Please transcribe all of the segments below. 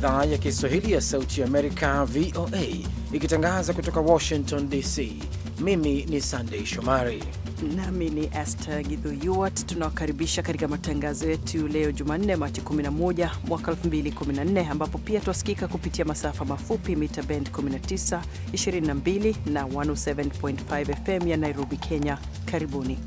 idhaa ya Kiswahili ya Sauti ya Amerika, VOA, ikitangaza kutoka Washington DC. Mimi ni Sandei Shomari nami ni Esther Gidhuyuat. Tunawakaribisha katika matangazo yetu leo Jumanne, Machi 11 mwaka 2014, ambapo pia twasikika kupitia masafa mafupi mita bend 19, 22 na 107.5 FM ya Nairobi, Kenya. Karibuni.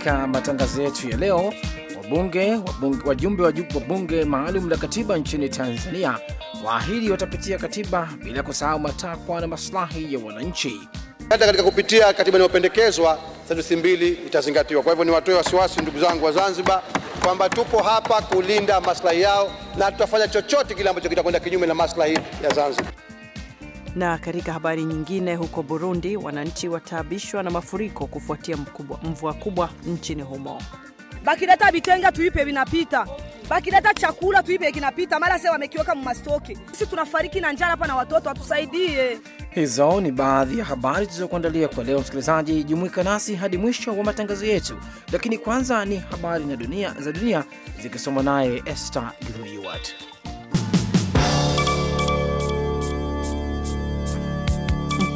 katika matangazo yetu ya leo, wabunge wajumbe wa bunge maalum la katiba nchini Tanzania waahidi watapitia katiba bila kusahau matakwa na maslahi ya wananchi. Hata katika kupitia katiba inayopendekezwa theluthi mbili itazingatiwa. Kwa hivyo ni watoe wasiwasi ndugu zangu wa Zanzibar kwamba tupo hapa kulinda maslahi yao na tutafanya chochote kile ambacho kitakwenda kinyume na maslahi ya Zanzibar. Na katika habari nyingine, huko Burundi wananchi wataabishwa na mafuriko kufuatia mvua kubwa nchini humo. Bakileta vitenga tuipe vinapita, bakileta chakula tuipe kinapita, mara se wamekiweka mmastoke. Sisi tunafariki na njala hapa na watoto watusaidie. Hizo ni baadhi ya habari tulizokuandalia kwa leo. Msikilizaji, jumuika nasi hadi mwisho wa matangazo yetu, lakini kwanza ni habari na dunia za dunia zikisoma naye Esther Gruiwat.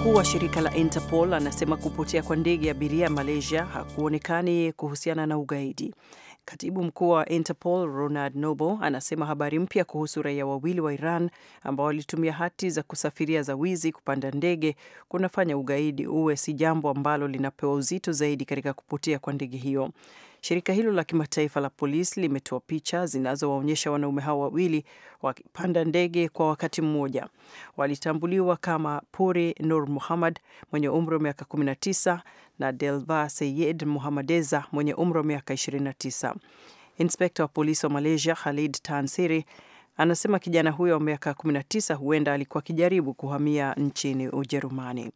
Mkuu wa shirika la Interpol anasema kupotea kwa ndege ya abiria Malaysia hakuonekani kuhusiana na ugaidi. Katibu mkuu wa Interpol Ronald Noble anasema habari mpya kuhusu raia wawili wa Iran ambao walitumia hati za kusafiria za wizi kupanda ndege kunafanya ugaidi uwe si jambo ambalo linapewa uzito zaidi katika kupotea kwa ndege hiyo. Shirika hilo la kimataifa la polisi limetoa picha zinazowaonyesha wanaume hao wawili wakipanda ndege kwa wakati mmoja. Walitambuliwa kama Puri Nur Muhammad mwenye umri wa miaka 19 na Delva Seyed Muhamadeza mwenye umri wa miaka 29. Inspekta wa polisi wa Malaysia Khalid Tansiri anasema kijana huyo wa miaka 19 huenda alikuwa akijaribu kuhamia nchini Ujerumani.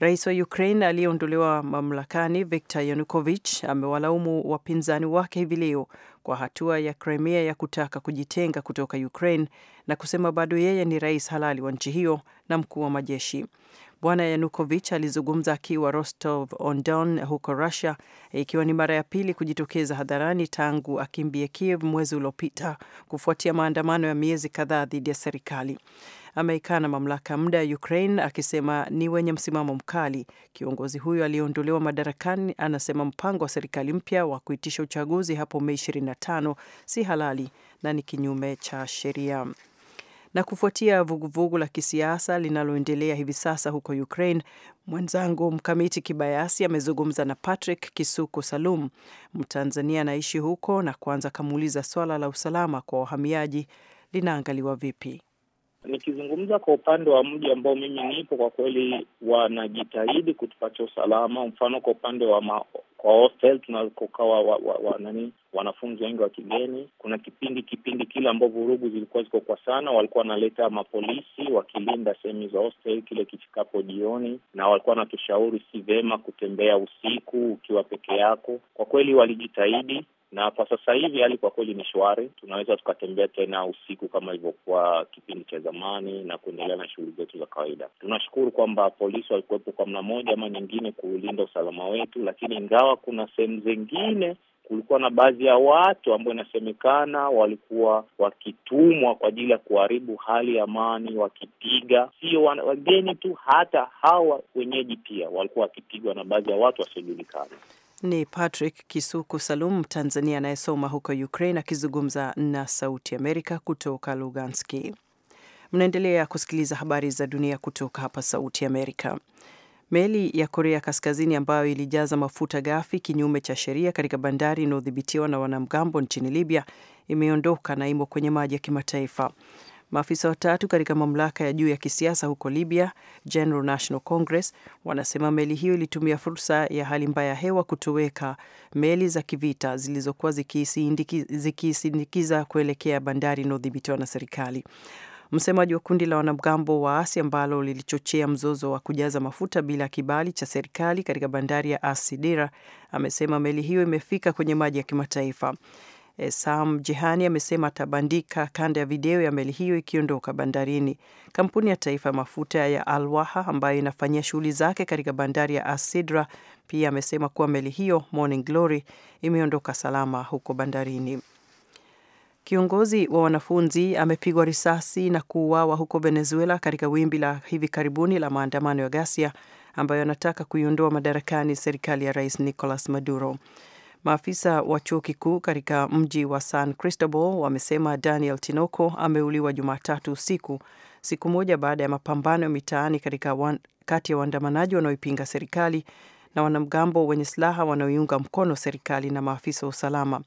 Rais wa Ukraine aliyeondolewa mamlakani Viktor Yanukovych amewalaumu wapinzani wake hivi leo kwa hatua ya Crimea ya kutaka kujitenga kutoka Ukraine na kusema bado yeye ni rais halali wa nchi hiyo na mkuu wa majeshi. Bwana yanukovich alizungumza akiwa Rostov on Don huko Russia, ikiwa ni mara ya pili kujitokeza hadharani tangu akimbie Kiev mwezi uliopita kufuatia maandamano ya miezi kadhaa dhidi ya serikali ameikana mamlaka muda ya Ukraine akisema ni wenye msimamo mkali. Kiongozi huyo aliyeondolewa madarakani anasema mpango wa serikali mpya wa kuitisha uchaguzi hapo Mei 25 si halali na ni kinyume cha sheria. Na kufuatia vuguvugu vugu la kisiasa linaloendelea hivi sasa huko Ukraine, mwenzangu Mkamiti Kibayasi amezungumza na Patrick Kisuku Salum, Mtanzania anaishi huko, na kwanza akamuuliza swala la usalama kwa wahamiaji linaangaliwa vipi? Nikizungumza kwa upande wa mji ambao mimi nipo, kwa kweli wanajitahidi kutupatia usalama. Mfano kwa upande wa ma, kwa hostel tunakokaa wa, wa, wa, nani wanafunzi wengi wa kigeni, kuna kipindi kipindi kile ambao vurugu zilikuwa ziko kwa sana, walikuwa wanaleta mapolisi wakili tumeenda sehemu za hostel kile kifikapo jioni, na walikuwa wanatushauri si vema kutembea usiku ukiwa peke yako. Kwa kweli walijitahidi na kwa sasa hivi hali kwa kweli ni shwari. Tunaweza tukatembea tena usiku kama ilivyokuwa kipindi cha zamani na kuendelea na shughuli zetu za kawaida. Tunashukuru kwamba polisi walikuwepo kwa mna moja ama nyingine kuulinda usalama wetu, lakini ingawa kuna sehemu zingine kulikuwa na baadhi ya watu ambao inasemekana walikuwa wakitumwa kwa ajili ya kuharibu hali ya amani, wakipiga sio wageni tu, hata hawa wenyeji pia walikuwa wakipigwa na baadhi ya watu wasiojulikana. Ni Patrick Kisuku Salum, Tanzania anayesoma huko Ukraine, akizungumza na Sauti Amerika kutoka Luganski. Mnaendelea kusikiliza habari za dunia kutoka hapa Sauti Amerika. Meli ya Korea Kaskazini ambayo ilijaza mafuta ghafi kinyume cha sheria katika bandari inayodhibitiwa na wanamgambo nchini Libya imeondoka na imo kwenye maji ya kimataifa. Maafisa watatu katika mamlaka ya juu ya kisiasa huko Libya, General National Congress, wanasema meli hiyo ilitumia fursa ya hali mbaya ya hewa kutoweka meli za kivita zilizokuwa zikisindikiza kuelekea bandari inayodhibitiwa na serikali. Msemaji wa kundi la wanamgambo waasi ambalo lilichochea mzozo wa kujaza mafuta bila kibali cha serikali katika bandari ya Asidira amesema meli hiyo imefika kwenye maji ya kimataifa. Eh, Sam Jehani amesema atabandika kanda ya video ya meli hiyo ikiondoka bandarini. Kampuni ya taifa ya mafuta ya Alwaha ambayo inafanyia shughuli zake katika bandari ya Asidra pia amesema kuwa meli hiyo Morning Glory imeondoka salama huko bandarini. Kiongozi wa wanafunzi amepigwa risasi na kuuawa huko Venezuela katika wimbi la hivi karibuni la maandamano ya ghasia ambayo anataka kuiondoa madarakani serikali ya Rais Nicolas Maduro. Maafisa wa chuo kikuu katika mji wa San Cristobal wamesema Daniel Tinoco ameuliwa Jumatatu usiku, siku moja baada ya mapambano ya mitaani katika wan, kati ya waandamanaji wanaoipinga serikali na wanamgambo wenye silaha wanaoiunga mkono serikali na maafisa wa usalama.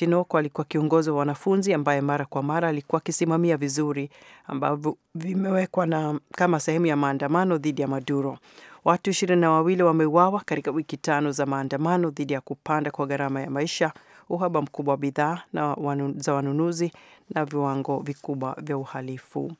Tinoko alikuwa kiongozi wa wanafunzi ambaye mara kwa mara alikuwa akisimamia vizuri ambavyo vimewekwa na kama sehemu ya maandamano dhidi ya Maduro. Watu ishirini na wawili wameuawa katika wiki tano za maandamano dhidi ya kupanda kwa gharama ya maisha, uhaba mkubwa wa bidhaa wanu, za wanunuzi na viwango vikubwa vya uhalifu.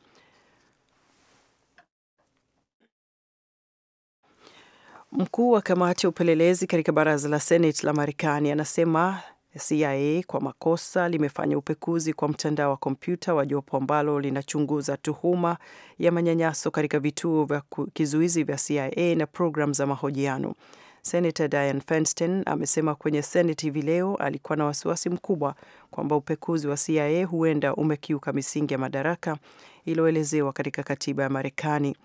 Mkuu wa kamati ya upelelezi katika baraza la Senate la Marekani anasema CIA kwa makosa limefanya upekuzi kwa mtandao wa kompyuta wa jopo ambalo linachunguza tuhuma ya manyanyaso katika vituo vya kizuizi vya CIA na programu za mahojiano. Senator Dianne Feinstein amesema kwenye Senate hivi leo alikuwa na wasiwasi mkubwa kwamba upekuzi wa CIA huenda umekiuka misingi ya madaraka iliyoelezewa katika katiba ya Marekani.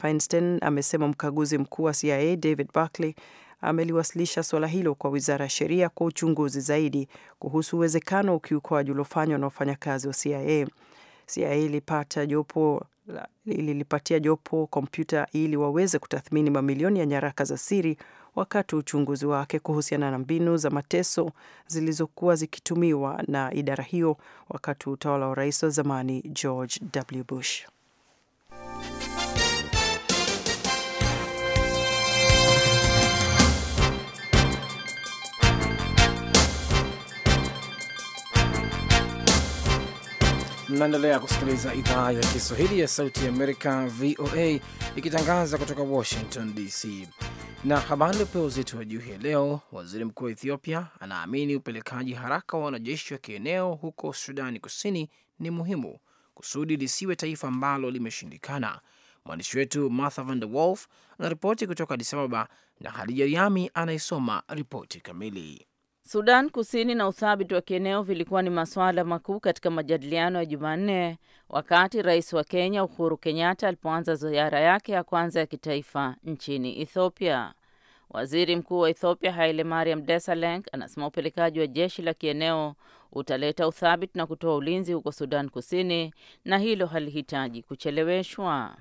Feinstein amesema mkaguzi mkuu wa CIA David Buckley ameliwasilisha suala hilo kwa wizara ya sheria kwa uchunguzi zaidi kuhusu uwezekano wa ukiukwaji uliofanywa na wafanyakazi wa CIA. CIA ilipata jopo lilipatia jopo kompyuta ili waweze kutathmini mamilioni ya nyaraka za siri wakati wa uchunguzi wake kuhusiana na mbinu za mateso zilizokuwa zikitumiwa na idara hiyo wakati wa utawala wa rais wa zamani George W. Bush. Mnaendelea kusikiliza idhaa ya Kiswahili ya Sauti ya Amerika, VOA, ikitangaza kutoka Washington DC. Na habari iliyopewa uzito wa juu hii leo, waziri mkuu wa Ethiopia anaamini upelekaji haraka wa wanajeshi wa kieneo huko Sudani Kusini ni muhimu kusudi lisiwe taifa ambalo limeshindikana. Mwandishi wetu Martha Van Der Wolf anaripoti kutoka Addis Ababa na Hadija Riami anaisoma ripoti kamili. Sudan Kusini na uthabiti wa kieneo vilikuwa ni masuala makuu katika majadiliano ya Jumanne wakati rais wa Kenya Uhuru Kenyatta alipoanza ziara yake ya kwanza ya kitaifa nchini Ethiopia. Waziri Mkuu wa Ethiopia Haile Mariam Desalegn anasema upelekaji wa jeshi la kieneo utaleta uthabiti na kutoa ulinzi huko Sudan Kusini na hilo halihitaji kucheleweshwa.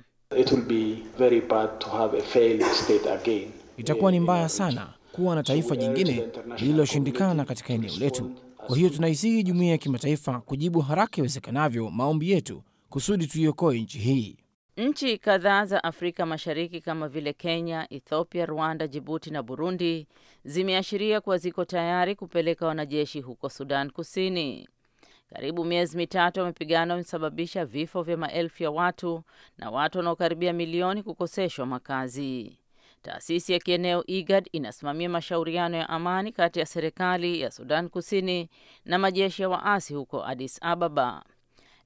Itakuwa ni mbaya eh, sana kuwa na taifa jingine lililoshindikana katika eneo letu. Kwa hiyo tunaisihi jumuiya ya kimataifa kujibu haraka iwezekanavyo maombi yetu kusudi tuiokoe nchi hii. Nchi kadhaa za Afrika Mashariki kama vile Kenya, Ethiopia, Rwanda, Jibuti na Burundi zimeashiria kuwa ziko tayari kupeleka wanajeshi huko Sudan Kusini. Karibu miezi mitatu ya mapigano wamesababisha vifo vya maelfu ya watu na watu wanaokaribia milioni kukoseshwa makazi. Taasisi ya kieneo IGAD inasimamia mashauriano ya amani kati ya serikali ya Sudan Kusini na majeshi ya waasi huko Addis Ababa.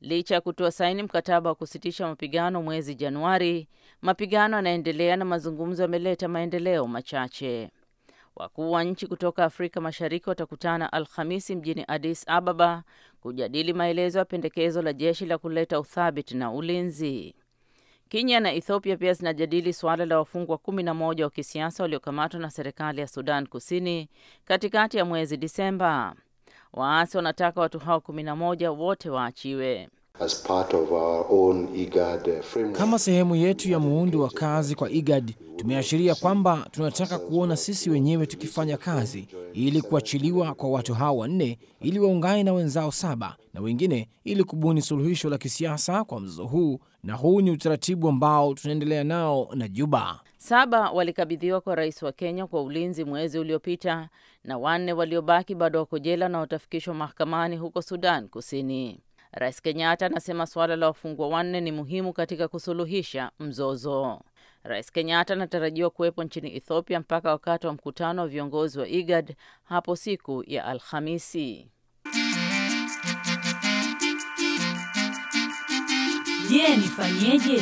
Licha ya kutoa saini mkataba wa kusitisha mapigano mwezi Januari, mapigano yanaendelea na mazungumzo yameleta maendeleo machache. Wakuu wa nchi kutoka Afrika Mashariki watakutana Alhamisi mjini Addis Ababa kujadili maelezo ya pendekezo la jeshi la kuleta uthabiti na ulinzi. Kenya na Ethiopia pia zinajadili suala la wafungwa kumi na moja wa kisiasa waliokamatwa na serikali ya Sudan Kusini katikati ya mwezi Disemba. Waasi wanataka watu hao kumi na moja wote waachiwe. As part of our own IGAD framework. Kama sehemu yetu ya muundo wa kazi kwa IGAD tumeashiria kwamba tunataka kuona sisi wenyewe tukifanya kazi ili kuachiliwa kwa watu hao wanne ili waungane na wenzao saba na wengine ili kubuni suluhisho la kisiasa kwa mzozo huu, na huu ni utaratibu ambao tunaendelea nao na Juba. Saba walikabidhiwa kwa rais wa Kenya kwa ulinzi mwezi uliopita na wanne waliobaki bado wako jela na watafikishwa mahakamani huko Sudan Kusini. Rais Kenyatta anasema suala la wafungwa wanne ni muhimu katika kusuluhisha mzozo. Rais Kenyatta anatarajiwa kuwepo nchini Ethiopia mpaka wakati wa mkutano wa viongozi wa IGAD hapo siku ya Alhamisi. Je, nifanyeje?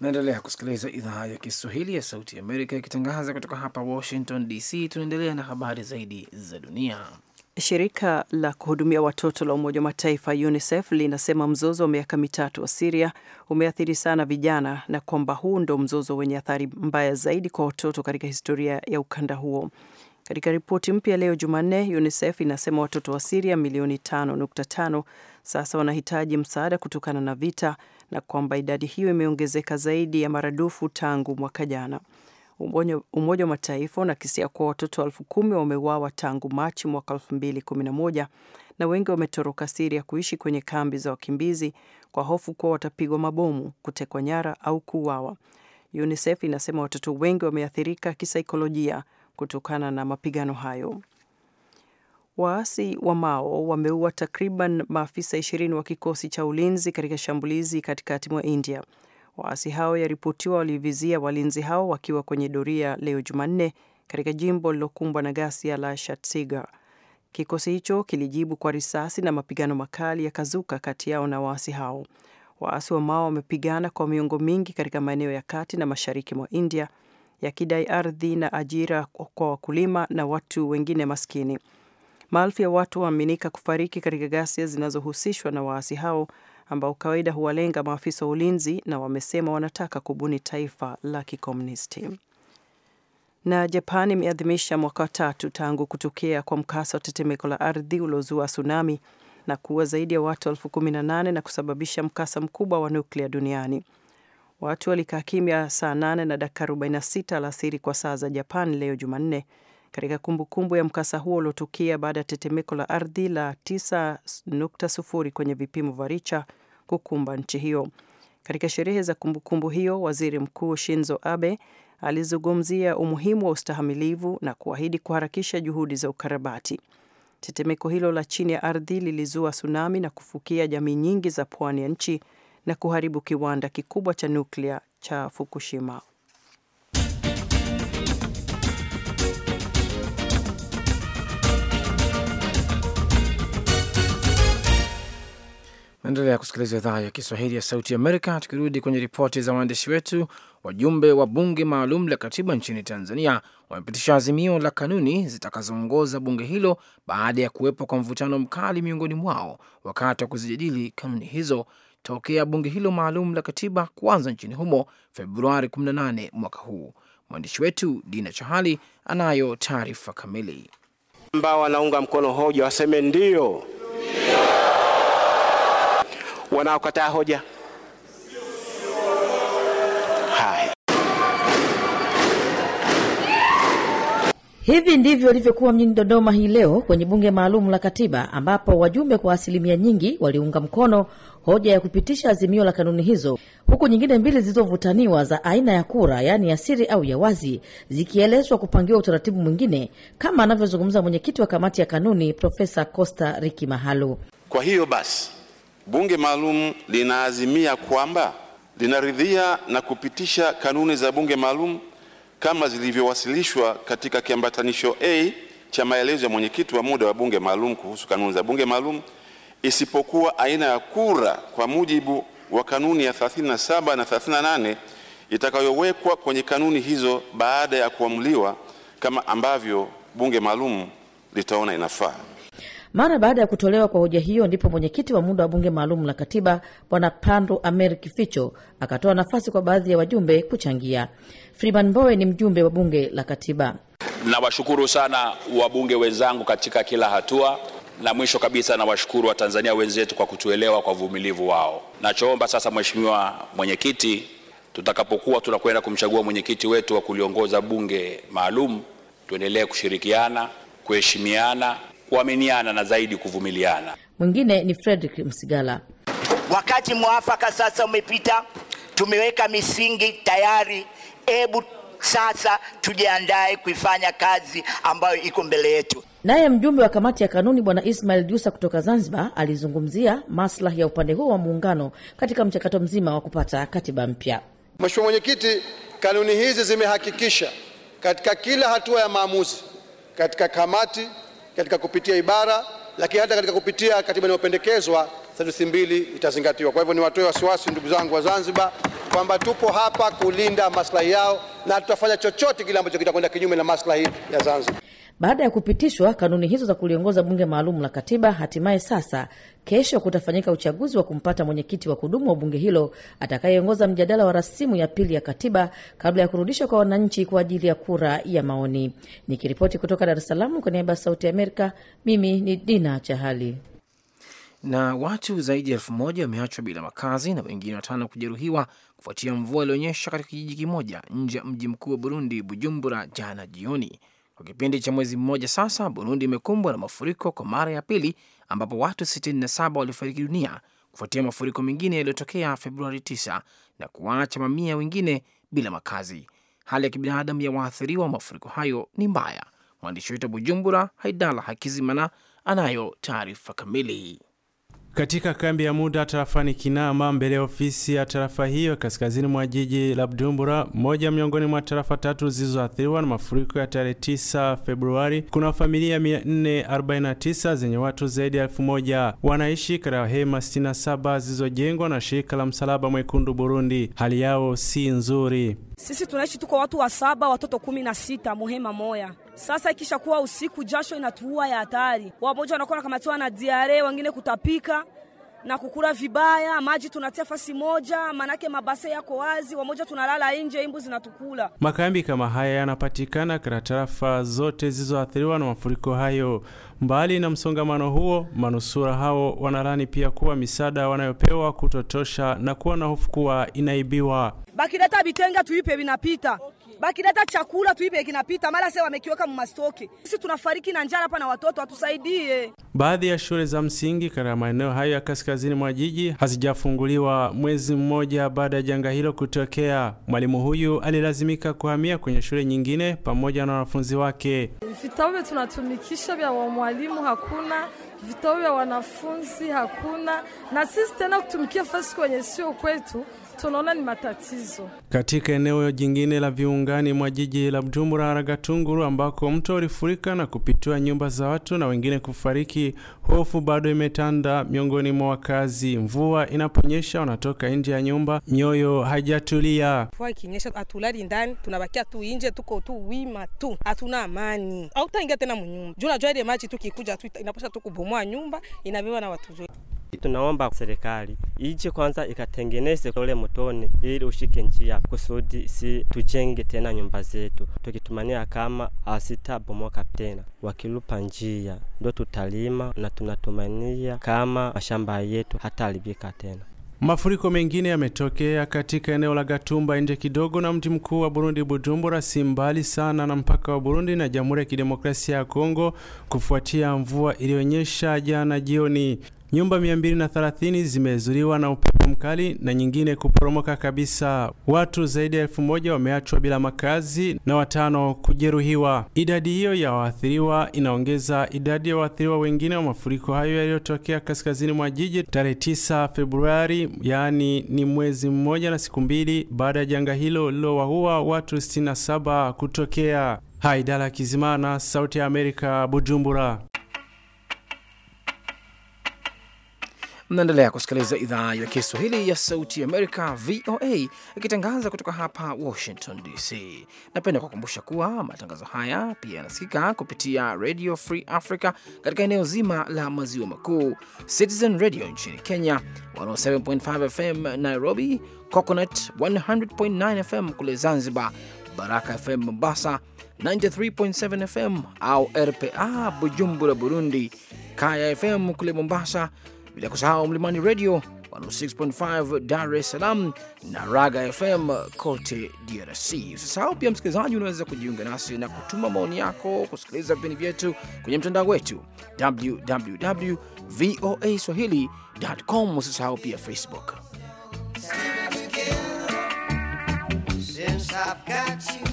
Naendelea kusikiliza idhaa ya Kiswahili ya Sauti ya Amerika ikitangaza kutoka hapa Washington DC. Tunaendelea na habari zaidi za dunia. Shirika la kuhudumia watoto la Umoja wa Mataifa UNICEF linasema mzozo wa miaka mitatu wa Siria umeathiri sana vijana na kwamba huu ndo mzozo wenye athari mbaya zaidi kwa watoto katika historia ya ukanda huo. Katika ripoti mpya leo Jumanne, UNICEF inasema watoto wa Siria milioni 5.5 sasa wanahitaji msaada kutokana na vita na kwamba idadi hiyo imeongezeka zaidi ya maradufu tangu mwaka jana. Umoja wa Mataifa unakisia kuwa watoto elfu kumi wameuawa tangu Machi mwaka 2011 na wengi wametoroka Siria kuishi kwenye kambi za wakimbizi kwa hofu kuwa watapigwa mabomu, kutekwa nyara au kuuawa. UNICEF inasema watoto wengi wameathirika kisaikolojia kutokana na mapigano hayo. Waasi wa Mao wameua takriban maafisa ishirini wa kikosi cha ulinzi katika shambulizi katikati mwa India. Waasi hao yaripotiwa walivizia walinzi hao wakiwa kwenye doria leo Jumanne katika jimbo lilokumbwa na ghasia la Shatsiga. Kikosi hicho kilijibu kwa risasi na mapigano makali yakazuka kati yao na waasi hao. Waasi wa Mao wamepigana kwa miongo mingi katika maeneo ya kati na mashariki mwa India, yakidai ardhi na ajira kwa wakulima na watu wengine maskini. Maelfu ya watu waaminika kufariki katika ghasia zinazohusishwa na waasi hao ambao kawaida huwalenga maafisa wa ulinzi na wamesema wanataka kubuni taifa la kikomunisti. Na Japan imeadhimisha mwaka tatu tangu kutokea kwa mkasa wa tetemeko la ardhi uliozua tsunami na kuua zaidi ya watu elfu kumi na nane na kusababisha mkasa mkubwa wa nuklia duniani. Watu walikaa kimya saa 8 na dakika 46 alasiri kwa saa za Japan leo Jumanne katika kumbukumbu ya mkasa huo uliotukia baada ya tetemeko la ardhi la 9.0 kwenye vipimo vya Richa kukumba nchi hiyo. Katika sherehe za kumbukumbu hiyo, waziri mkuu Shinzo Abe alizungumzia umuhimu wa ustahamilivu na kuahidi kuharakisha juhudi za ukarabati. Tetemeko hilo la chini ya ardhi lilizua tsunami na kufukia jamii nyingi za pwani ya nchi na kuharibu kiwanda kikubwa cha nuklia cha Fukushima. Naendelea kusikiliza idhaa ya Kiswahili ya Sauti Amerika. Tukirudi kwenye ripoti za waandishi wetu, wajumbe wa bunge maalum la katiba nchini Tanzania wamepitisha azimio la kanuni zitakazoongoza bunge hilo baada ya kuwepo kwa mvutano mkali miongoni mwao wakati wa kuzijadili kanuni hizo tokea bunge hilo maalum la katiba kuanza nchini humo Februari 18 mwaka huu. Mwandishi wetu Dina Chahali anayo taarifa kamili. Ambao wanaunga mkono hoja waseme ndio wanaokataa hoja. hivi ndivyo ilivyokuwa mjini Dodoma hii leo kwenye bunge maalum la katiba, ambapo wajumbe kwa asilimia nyingi waliunga mkono hoja ya kupitisha azimio la kanuni hizo, huku nyingine mbili zilizovutaniwa za aina ya kura, yaani ya siri au ya wazi, zikielezwa kupangiwa utaratibu mwingine, kama anavyozungumza mwenyekiti wa kamati ya kanuni Profesa Costa Riki Mahalu. Kwa hiyo basi Bunge maalum linaazimia kwamba linaridhia na kupitisha kanuni za bunge maalum kama zilivyowasilishwa katika kiambatanisho A cha maelezo ya mwenyekiti wa muda wa bunge maalum kuhusu kanuni za bunge maalum, isipokuwa aina ya kura kwa mujibu wa kanuni ya 37 na 38 itakayowekwa kwenye kanuni hizo baada ya kuamuliwa kama ambavyo bunge maalum litaona inafaa. Mara baada ya kutolewa kwa hoja hiyo, ndipo mwenyekiti wa muda wa bunge maalum la katiba Bwana Pandu Amer Kificho akatoa nafasi kwa baadhi ya wajumbe kuchangia. Freeman Mbowe ni mjumbe wa bunge la katiba. Nawashukuru sana wabunge wenzangu katika kila hatua, na mwisho kabisa nawashukuru Watanzania wenzetu kwa kutuelewa, kwa uvumilivu wao. Nachoomba sasa, Mheshimiwa Mwenyekiti, tutakapokuwa tunakwenda kumchagua mwenyekiti wetu wa kuliongoza bunge maalum, tuendelee kushirikiana, kuheshimiana kuaminiana na zaidi kuvumiliana. Mwingine ni Fredrick Msigala. Wakati mwafaka sasa umepita, tumeweka misingi tayari, hebu sasa tujiandae kuifanya kazi ambayo iko mbele yetu. Naye mjumbe wa kamati ya kanuni Bwana Ismail Jusa kutoka Zanzibar alizungumzia maslahi ya upande huo wa muungano katika mchakato mzima wa kupata katiba mpya. Mheshimiwa Mwenyekiti, kanuni hizi zimehakikisha katika kila hatua ya maamuzi katika kamati katika kupitia ibara, lakini hata katika kupitia katiba inayopendekezwa theluthi mbili itazingatiwa. Kwa hivyo niwatoe wasiwasi ndugu zangu wa Zanzibar kwamba tupo hapa kulinda maslahi yao na tutafanya chochote kile ambacho kitakwenda kinyume na maslahi ya Zanzibar. Baada ya kupitishwa kanuni hizo za kuliongoza bunge maalum la katiba, hatimaye sasa kesho kutafanyika uchaguzi wa kumpata mwenyekiti wa kudumu wa bunge hilo atakayeongoza mjadala wa rasimu ya pili ya katiba kabla ya kurudishwa kwa wananchi kwa ajili ya kura ya maoni. Nikiripoti kutoka Dar es Salaam kwa niaba ya Sauti ya Amerika, mimi ni Dina Chahali. Na watu zaidi ya elfu moja wameachwa bila makazi na wengine watano kujeruhiwa kufuatia mvua ilionyesha katika kijiji kimoja nje ya mji mkuu wa Burundi, Bujumbura, jana jioni. Kwa kipindi cha mwezi mmoja sasa, Burundi imekumbwa na mafuriko kwa mara ya pili, ambapo watu 67 walifariki dunia kufuatia mafuriko mengine yaliyotokea Februari 9 na kuwaacha mamia wengine bila makazi. Hali ya kibinadamu ya waathiriwa wa mafuriko hayo ni mbaya. Mwandishi wetu wa Bujumbura, Haidala Hakizimana, anayo taarifa kamili katika kambi ya muda tarafani Kinama mbele ya ofisi ya tarafa hiyo kaskazini mwa jiji la Bujumbura, moja miongoni mwa tarafa tatu zilizoathiriwa na mafuriko ya tarehe 9 Februari, kuna familia 449 zenye watu zaidi ya elfu moja wanaishi katika hema 67 zilizojengwa na shirika la Msalaba Mwekundu Burundi. Hali yao si nzuri. Sisi tunaishi tuko watu wa saba, watoto kumi na sita muhema moya. Sasa ikishakuwa usiku, jasho inatuua ya hatari. Wamoja wanakuwa wanakamatiwa na diare, wengine kutapika na kukula vibaya, maji tunatia fasi moja, manake mabase yako wazi, wamoja tunalala nje, imbu zinatukula. Makambi kama haya yanapatikana katika tarafa zote zilizoathiriwa na mafuriko hayo. Mbali na msongamano huo, manusura hao wanalani pia kuwa misaada wanayopewa kutotosha na kuwa na hofu kuwa inaibiwa. Bakileta bitenga tuipe vinapita okay bakileta chakula tuipe kinapita mara sasa wamekiweka mumastoke. Sisi tunafariki na njara hapa na watoto watusaidie. Baadhi ya shule za msingi katika maeneo hayo ya kaskazini mwa jiji hazijafunguliwa mwezi mmoja baada ya janga hilo kutokea. Mwalimu huyu alilazimika kuhamia kwenye shule nyingine pamoja na wanafunzi wake. Vitabu tunatumikisha vya mwalimu hakuna vitabu vya wanafunzi hakuna, na sisi tena kutumikia fasi kwenye sio kwetu tunaona ni matatizo. Katika eneo jingine la viungani mwa jiji la Bujumbura aragatunguru ambako mto ulifurika na kupitua nyumba za watu na wengine kufariki, hofu bado imetanda miongoni mwa wakazi. Mvua inaponyesha wanatoka nje ya nyumba, mioyo haijatulia. Mvua ikinyesha hatulali ndani, tunabakia tu nje, tuko tu wima tu, hatuna amani, hautaingia tena munyumba juu najua ile maji tukikuja tu inaposha tu kubomoa nyumba, inabeba na watu zote. Tunaomba serikali ije kwanza ikatengeneze ule mtoni ili ushike njia kusudi si tujenge tena nyumba zetu, tukitumania kama bomoka tena. Wakilupa njia ndo tutalima na tunatumania kama mashamba yetu alibika tena. Mafuriko mengine yametokea katika eneo la Gatumba nje kidogo na mji mkuu wa Burundi Bujumbura, si mbali sana na mpaka wa Burundi na Jamhuri ya Kidemokrasia ya Kongo kufuatia mvua iliyonyesha jana jioni. Nyumba 230 zimezuliwa na upepo mkali na nyingine kuporomoka kabisa. Watu zaidi ya elfu moja wameachwa bila makazi na watano kujeruhiwa. Idadi hiyo ya waathiriwa inaongeza idadi ya waathiriwa wengine wa mafuriko hayo yaliyotokea kaskazini mwa jiji tarehe 9 Februari, yaani ni mwezi mmoja na siku mbili baada ya janga hilo lililowaua watu 67 kutokea. Haidala Kizimana, Sauti ya Amerika, Bujumbura. Mnaendelea kusikiliza idhaa ya Kiswahili ya Sauti Amerika, VOA, ikitangaza kutoka hapa Washington DC. Napenda kukumbusha kuwa matangazo haya pia yanasikika kupitia Radio Free Africa katika eneo zima la maziwa makuu, Citizen Radio nchini Kenya, 107.5 FM Nairobi, Coconut 100.9 FM kule Zanzibar, Baraka FM Mombasa, 93.7 FM au RPA Bujumbura, Burundi, Kaya FM kule Mombasa bila kusahau Mlimani Radio 106.5 Dar es Salaam na Raga FM kote DRC. Usisahau pia, msikilizaji, unaweza kujiunga nasi na kutuma maoni yako, kusikiliza vipindi vyetu kwenye mtandao wetu www voa swahili.com. Usisahau pia Facebook. Since I've got you.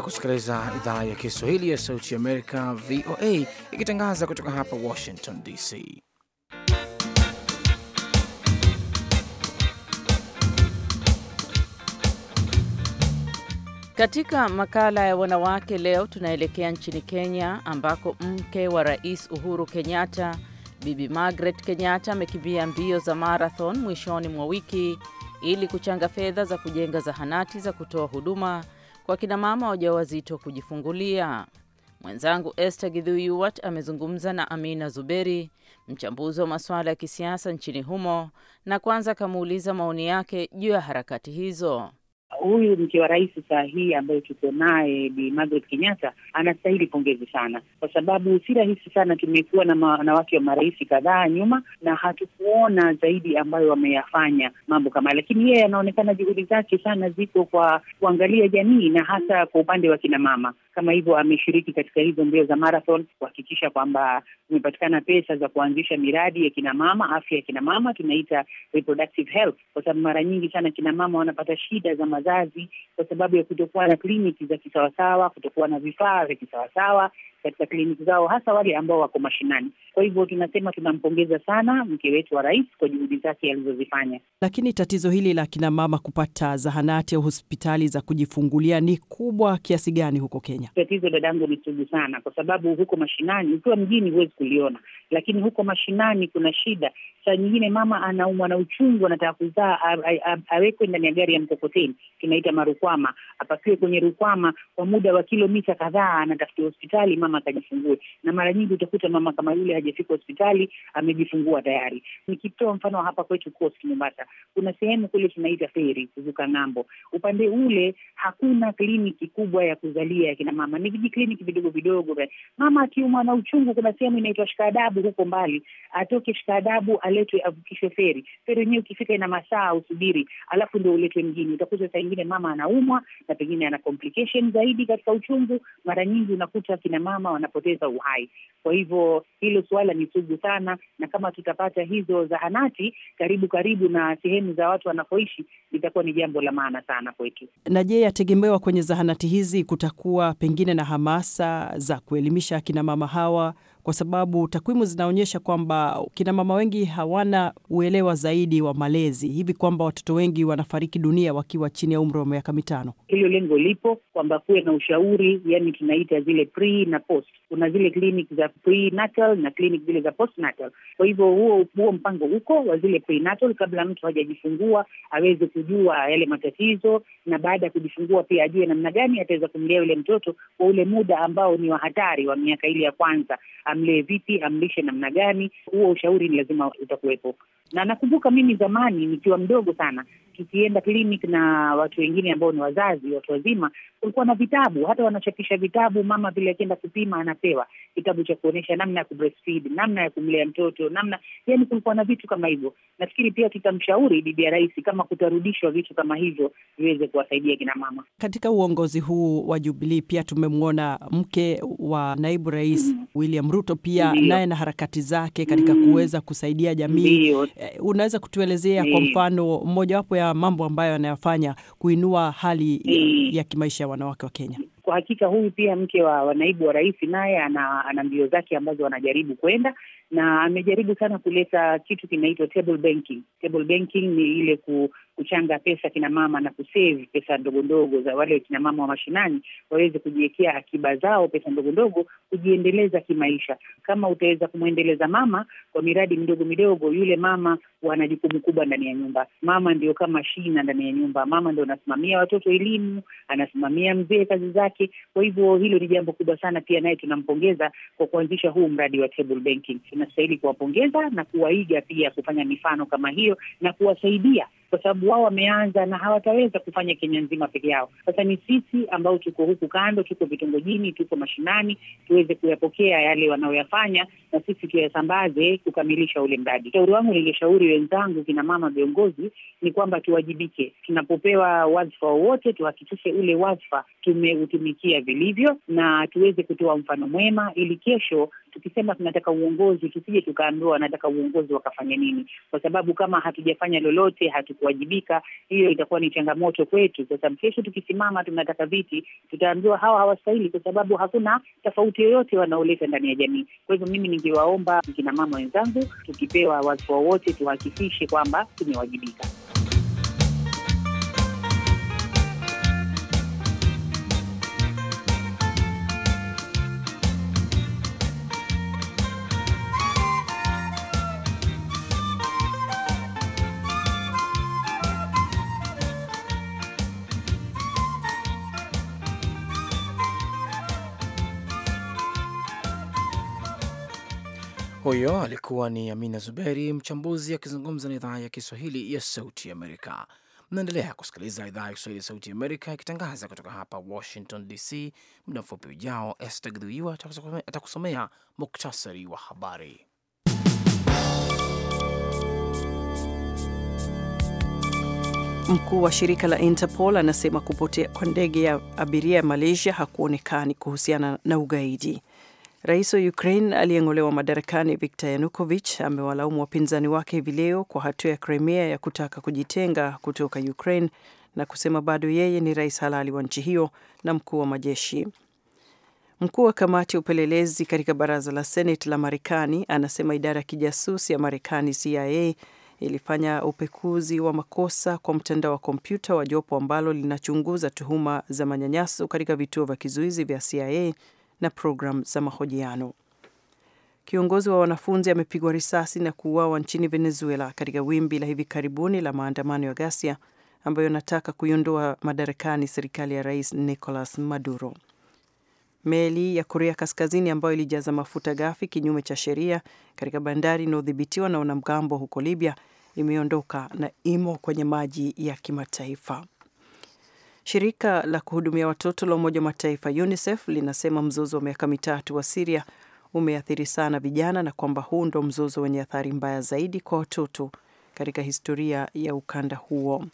Unaendelea kusikiliza idhaa ya Kiswahili ya Sauti Amerika, VOA, ikitangaza kutoka hapa Washington DC. Katika makala ya wanawake leo, tunaelekea nchini Kenya ambako mke wa Rais Uhuru Kenyatta, Bibi Margaret Kenyatta, amekimbia mbio za marathon mwishoni mwa wiki ili kuchanga fedha za kujenga zahanati za kutoa huduma kwa kinamama wajawazito kujifungulia. Mwenzangu Esther Gidhuyuwat amezungumza na Amina Zuberi, mchambuzi wa masuala ya kisiasa nchini humo, na kwanza akamuuliza maoni yake juu ya harakati hizo huyu mke wa rais saa hii ambaye tuko naye Bi Margaret Kenyatta anastahili pongezi sana, kwa sababu si rahisi sana. Tumekuwa na wanawake wa marais kadhaa nyuma na hatukuona zaidi ambayo wameyafanya mambo kama, lakini yeye anaonekana juhudi zake sana ziko kwa kuangalia jamii na hasa kwa upande wa kina mama. Kama hivyo ameshiriki katika hizo mbio za marathon kuhakikisha kwamba kumepatikana pesa za kuanzisha miradi ya kina mama, afya ya kina mama, tunaita reproductive health, kwa sababu mara nyingi sana kina mama wanapata shida za wazazi, kwa sababu ya kutokuwa na kliniki za kisawasawa, kutokuwa na vifaa vya kisawasawa, katika kliniki zao, hasa wale ambao wako mashinani. Kwa hivyo tunasema tunampongeza sana mke wetu wa rais kwa juhudi zake alizozifanya. Lakini tatizo hili la kinamama kupata zahanati au hospitali za kujifungulia ni kubwa kiasi gani huko Kenya? Tatizo dadangu, ni sugu sana, kwa sababu huko mashinani, ukiwa mjini huwezi kuliona, lakini huko mashinani kuna shida. Saa nyingine mama anaumwa na uchungu, anataka kuzaa, awekwe ndani ya gari ya mkokoteni, tunaita marukwama, apakiwe kwenye rukwama kwa muda wa kilomita kadhaa, anatafutia hospitali mama mama akajifungue, na mara nyingi utakuta mama kama yule hajafika hospitali, amejifungua tayari. Nikitoa mfano hapa kwetu Coast Mombasa, kuna sehemu kule tunaita feri, kuvuka ng'ambo, upande ule hakuna kliniki kubwa ya kuzalia ya kina mama, ni vijikliniki vidogo vidogo. Mama akiumwa na uchungu, kuna sehemu inaitwa Shikaadabu huko mbali, atoke Shikaadabu aletwe, avukishwe feri. Feri yenyewe ukifika ina masaa usubiri, alafu ndio uletwe mjini. Utakuta saa ingine mama anaumwa na pengine ana complication zaidi katika uchungu. Mara nyingi unakuta kina mama mama wanapoteza uhai. Kwa hivyo hilo suala ni sugu sana, na kama tutapata hizo zahanati karibu karibu na sehemu za watu wanapoishi, litakuwa ni jambo la maana sana kwetu. Na je, yategemewa kwenye zahanati hizi kutakuwa pengine na hamasa za kuelimisha akina mama hawa kwa sababu takwimu zinaonyesha kwamba kina mama wengi hawana uelewa zaidi wa malezi, hivi kwamba watoto wengi wanafariki dunia wakiwa chini ya umri wa miaka mitano. Hilo lengo lipo kwamba kuwe na ushauri, yani tunaita zile pre na post. Kuna zile clinic za prenatal na clinic zile za postnatal. Kwa hivyo huo huo mpango uko wa zile prenatal, kabla mtu hajajifungua aweze kujua yale matatizo, na baada ya kujifungua pia ajue namna gani ataweza kumlea yule mtoto kwa ule muda ambao ni wa hatari wa miaka ile ya kwanza amlee vipi, amlishe namna gani, huo ushauri ni lazima utakuwepo na nakumbuka mimi zamani nikiwa mdogo sana tukienda clinic na watu wengine ambao ni wazazi, watu wazima, kulikuwa na vitabu, hata wanachapisha vitabu. Mama vile akienda kupima anapewa kitabu cha kuonyesha namna ya kubreastfeed, namna ya kumlea mtoto, namna yani, kulikuwa na vitu kama hivyo. Nafikiri pia tutamshauri bibi ya rais kama kutarudishwa vitu kama hivyo viweze kuwasaidia kina mama. Katika uongozi huu wa Jubilee pia tumemwona mke wa naibu rais mm -hmm. William Ruto pia naye na harakati zake katika mm -hmm. kuweza kusaidia jamii Eh, unaweza kutuelezea kwa mm. mfano mmojawapo ya mambo ambayo anayafanya kuinua hali mm. ya kimaisha ya wanawake wa Kenya? Kwa hakika huyu pia mke wa naibu wa rais naye ana, ana mbio zake ambazo wanajaribu kwenda na amejaribu sana kuleta kitu kinaitwa table banking. Table banking ni ile kuchanga pesa kina mama na kusave pesa ndogo ndogo za wale kina mama wa mashinani, waweze kujiwekea akiba zao pesa ndogo ndogo, kujiendeleza kimaisha. Kama utaweza kumwendeleza mama kwa miradi midogo midogo, yule mama wana jukumu kubwa ndani ya nyumba. Mama ndio kama shina ndani ya nyumba, mama ndio anasimamia watoto elimu, anasimamia mzee kazi zake. Kwa hivyo hilo ni jambo kubwa sana, pia naye tunampongeza kwa kuanzisha huu mradi wa table banking tunastahili kuwapongeza na kuwaiga pia kufanya mifano kama hiyo na kuwasaidia kwa sababu wao wameanza na hawataweza kufanya Kenya nzima peke yao. Sasa ni sisi ambao tuko huku kando, tuko vitongojini, tuko mashinani, tuweze kuyapokea yale wanaoyafanya na sisi tuyasambaze kukamilisha ule mradi. Shauri wangu nilishauri wenzangu, kina mama viongozi, ni kwamba tuwajibike. Tunapopewa wadhifa wowote, tuhakikishe ule wadhifa tumeutumikia vilivyo, na tuweze kutoa mfano mwema, ili kesho tukisema tunataka uongozi, tusije tukaambiwa wanataka uongozi wakafanya nini, kwa sababu kama hatujafanya lolote hatu kuwajibika, hiyo itakuwa ni changamoto kwetu, Sasa sababu kesho tukisimama tunataka viti, tutaambiwa hawa hawastahili, kwa sababu hakuna tofauti yoyote wanaoleta ndani ya jamii. Kwa hivyo mimi ningewaomba kinamama wenzangu, tukipewa watu wowote, tuhakikishe kwamba tumewajibika. huyo alikuwa ni Amina Zuberi, mchambuzi akizungumza na idhaa ya Kiswahili ya Sauti Amerika. Mnaendelea kusikiliza idhaa ya Kiswahili ya Sauti Amerika ikitangaza kutoka hapa Washington DC. Muda mfupi ujao, Esther atakusomea muktasari wa habari. Mkuu wa shirika la Interpol anasema kupotea kwa ndege ya abiria ya Malaysia hakuonekani kuhusiana na ugaidi. Rais wa Ukraine aliyeng'olewa madarakani Viktor yanukovich amewalaumu wapinzani wake hivi leo kwa hatua ya Crimea ya kutaka kujitenga kutoka Ukraine na kusema bado yeye ni rais halali wa nchi hiyo na mkuu wa majeshi. Mkuu wa kamati ya upelelezi katika baraza la Senate la Marekani anasema idara ya kijasusi ya Marekani CIA ilifanya upekuzi wa makosa kwa mtandao wa kompyuta wa jopo ambalo linachunguza tuhuma za manyanyaso katika vituo vya kizuizi vya CIA na programu za mahojiano. Kiongozi wa wanafunzi amepigwa risasi na kuuawa nchini Venezuela katika wimbi la hivi karibuni la maandamano ya ghasia ambayo anataka kuiondoa madarakani serikali ya Rais Nicolas Maduro. Meli ya Korea Kaskazini ambayo ilijaza mafuta ghafi kinyume cha sheria katika bandari inayodhibitiwa na wanamgambo huko Libya imeondoka na imo kwenye maji ya kimataifa. Shirika la kuhudumia watoto la Umoja wa Mataifa UNICEF linasema mzozo wa miaka mitatu wa Siria umeathiri sana vijana na kwamba huu ndo mzozo wenye athari mbaya zaidi kwa watoto katika historia ya ukanda huo.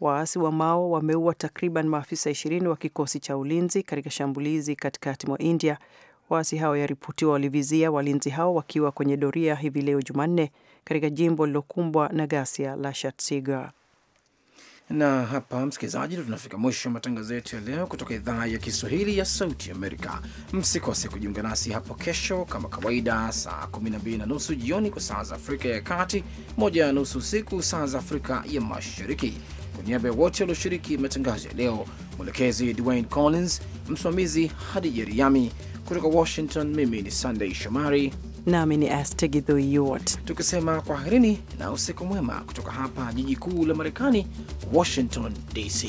Waasi wa Mao wameua takriban maafisa ishirini wa kikosi cha ulinzi katika shambulizi katikati mwa India. Waasi hao yaripotiwa walivizia walinzi hao wakiwa kwenye doria hivi leo Jumanne katika jimbo lilokumbwa na ghasia la Shatsiga. Na hapa msikilizaji, tunafika mwisho wa matangazo yetu ya leo kutoka idhaa ya Kiswahili ya Sauti Amerika. Msikose kujiunga nasi hapo kesho kama kawaida, saa 12 na nusu jioni kwa saa za Afrika ya Kati, moja na nusu usiku saa za Afrika ya Mashariki. Kwa niaba ya wote walioshiriki matangazo ya leo, mwelekezi Dwayne Collins, msimamizi Hadi Jeriami kutoka Washington, mimi ni sandey Shomari nami ni Aste Gidhyuot, tukisema kwaherini na usiku mwema kutoka hapa jiji kuu la Marekani, Washington DC.